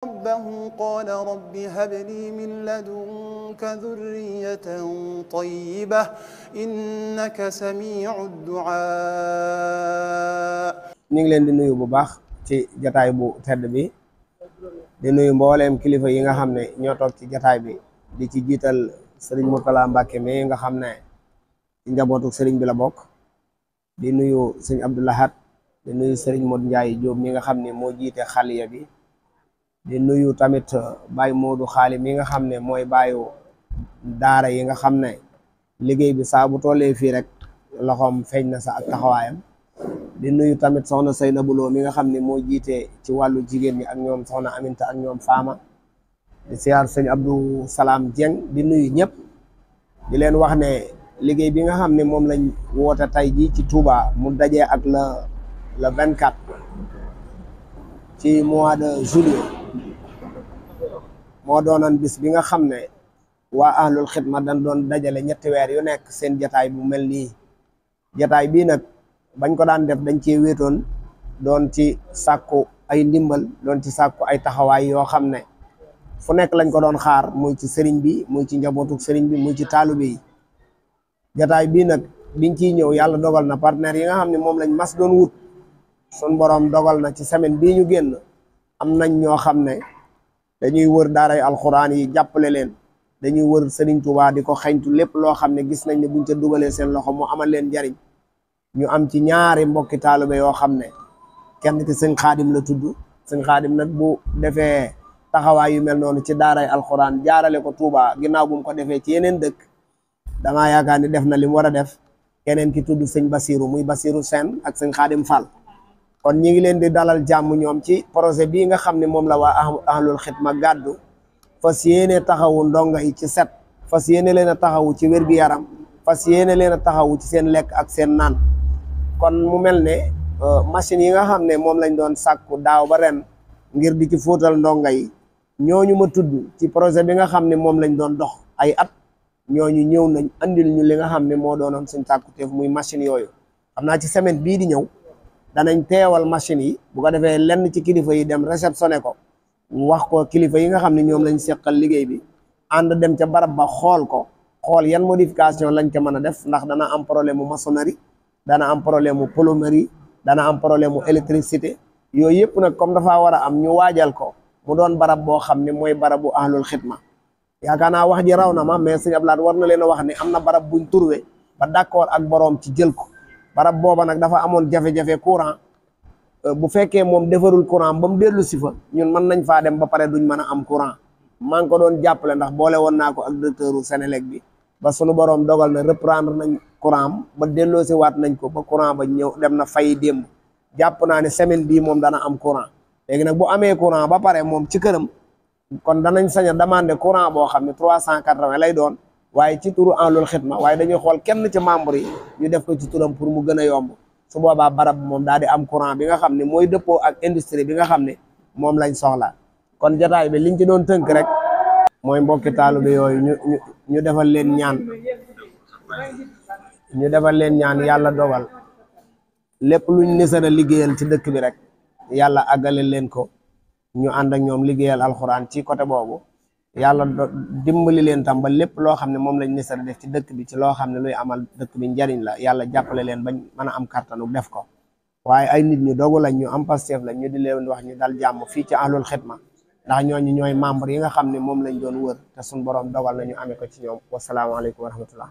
ربه قال رب هب لي من لدنك ذرية طيبة إنك سميع الدعاء ñu ngi leen di nuyu bu baax ci jataay bu tedd bi di nuyu mboolem kilifa yi nga xam ne ñoo toog ci jataay bi di ci jiital sëriñ Murtala Mbàkke mi nga xam ne ci njabootu sëriñ bi la bokk di nuyu sëriñ Abdou Lahad di nuyu sëriñ Mod Njaay Jóob mi nga xam ne moo jiite xaliya bi di nuyu tamit uh, Baye Modou Xaali mi nga xam ne mooy bàyyu daara yi nga xam ne liggéey bi saa bu tollee fii rek loxoom feeñ na sa ak taxawaayam di nuyu tamit soxna Seyna Bulo mi nga xam ne moo jiite ci wàllu jigéen ñi ak ñoom soxna Aminta ak ñoom Faama di siyaar sëñ Abdou Salaam Dieng di nuyu ñëpp di leen wax ne liggéey bi nga xam ne moom lañ woote tey jii ci Touba mu dajee ak la le vingt-quatre ci mois de juillet moo doonoon bis bi nga xam ne waa ahlul xidma dañ doon dajale ñetti weer yu nekk seen jataay bu mel nii jataay bii nag bañ ko daan def dañ ci wetoon doon ci sàkku ay ndimbal doon ci sàkku ay taxawaay yoo xam ne fu nekk lañ ko doon xaar muy ci sëriñ bi muy ci njabootu sëriñ bi muy ci taalu yi jataay bii nag biñ ciy ñëw yàlla dogal na partenaire yi nga xam ne moom lañ mas doon wut sun boroom dogal na ci semaine bii ñu génn am nañ ñoo xam ne dañuy wër daaray alxuraan yi jàppale leen dañuy wër Serigne Touba di ko xañtu lépp loo xam ne gis nañ ne buñ ca dugalee seen loxo mu amal leen ñu am ci ñaari mbokki taalibe yoo xam ne kenn ki sëñ xaadim la tudd sëñ xaadim nag bu defee taxawaay yu mel noonu ci daaray alxuraan jaarale ko Touba ginnaaw bu mu ko defee ci yeneen dëkk dama yaakaar ni def na li mu war a def keneen ki tudd sëñ Basirou muy Basirou Sène ak sëñ xaadim Fall kon ñi ngi leen di dalal jàmm ñoom ci projet bii nga xam ne moom la waa ahlul ma gàddu fas yéene taxawu ndongo yi ci set fas yéene leen a taxawu ci wér yaram fas yéene leen a taxawu ci seen lekk ak seen naan kon mu mel ne euh, machine yi nga xam ne moom lañ doon sàkku daaw ba ren ngir di ci fóotal ndongo yi ñooñu ma tudd ci projet bi nga xam ne moom lañ doon dox ay at ñooñu ñëw nañ andil ñu li nga xam ne moo doon doonoon suñ tàkkuteef muy machine yooyu xam naa ci semaine bii di ñëw danañ teewal machine yi bu ko defee lenn ci kilifa yi dem réceptionné ko wax ko kilifa yi nga xam ne ñoom lañ seqal liggéey bi ànd dem ca barab ba xool ko xool yan modification lañ ca mën a def ndax dana am problème mu maçonnerie dana am problème mu plomberie dana am problème mu électricité yooyu yëpp nag comme dafa war a am ñu waajal ko mu doon barab boo xam ne mooy barabu ahlul xidma yaakaar naa wax ji raw na ma mais sëñ Ablaat war na leen a wax ne am na barab buñ turwe ba d'accord ak boroom ci jël ko barab booba nag dafa amoon jafe-jafe courant euh, bu fekkee moom defarul courant ba mu dellu si fa ñun mën nañ faa dem ba pare duñ mën a am courant maa ngi ko doon jàppale ndax boole woon naa ko ak directeur u bi ba sunu borom dogal na reprendre nañ courant ba delloo waat nañ ko ba courant ba ñëw dem na fay démb jàpp naa ne semaine bii moom dana am courant léegi nag bu amee courant ba pare moom ci këram kon danañ sañ a demander courant boo xam ne trois cent quatre lay doon waaye ci turu Anloul Khidma waaye dañuy xool kenn ci membre yi ñu def ko ci turam pour mu gën a yomb su boobaa barab moom daal di am courant bi nga xam ne mooy dëppoo ak industrie bi nga xam ne moom lañ soxla kon jataay bi liñ ci doon tënk rek mooy mbokki taalibe yooyu ñu ñu defal leen ñaan ñu defal leen ñaan yàlla dogal lépp luñ nisar liggéeyal ci dëkk bi rek yàlla àggale leen ko ñu ànd ak ñoom liggéeyal alxuraan ci côté boobu yàlla dimbali leen tam ba lépp loo xam ne moom lañ ne nisar def ci dëkk bi ci loo xam ne luy amal dëkk bi njariñ la yàlla jàppale leen bañ mën a am kàttanu def ko waaye ay nit ñu dogu lañ ñu am Pastef lañ ñu di leen wax ñu dal jàmm fii ci ahlul xidma ndax ñooñu ñooy membre yi nga xam ne moom lañ doon wër te suñ borom dogal nañu amee ko ci ñoom wasalaamaaleykum wa rahmatullah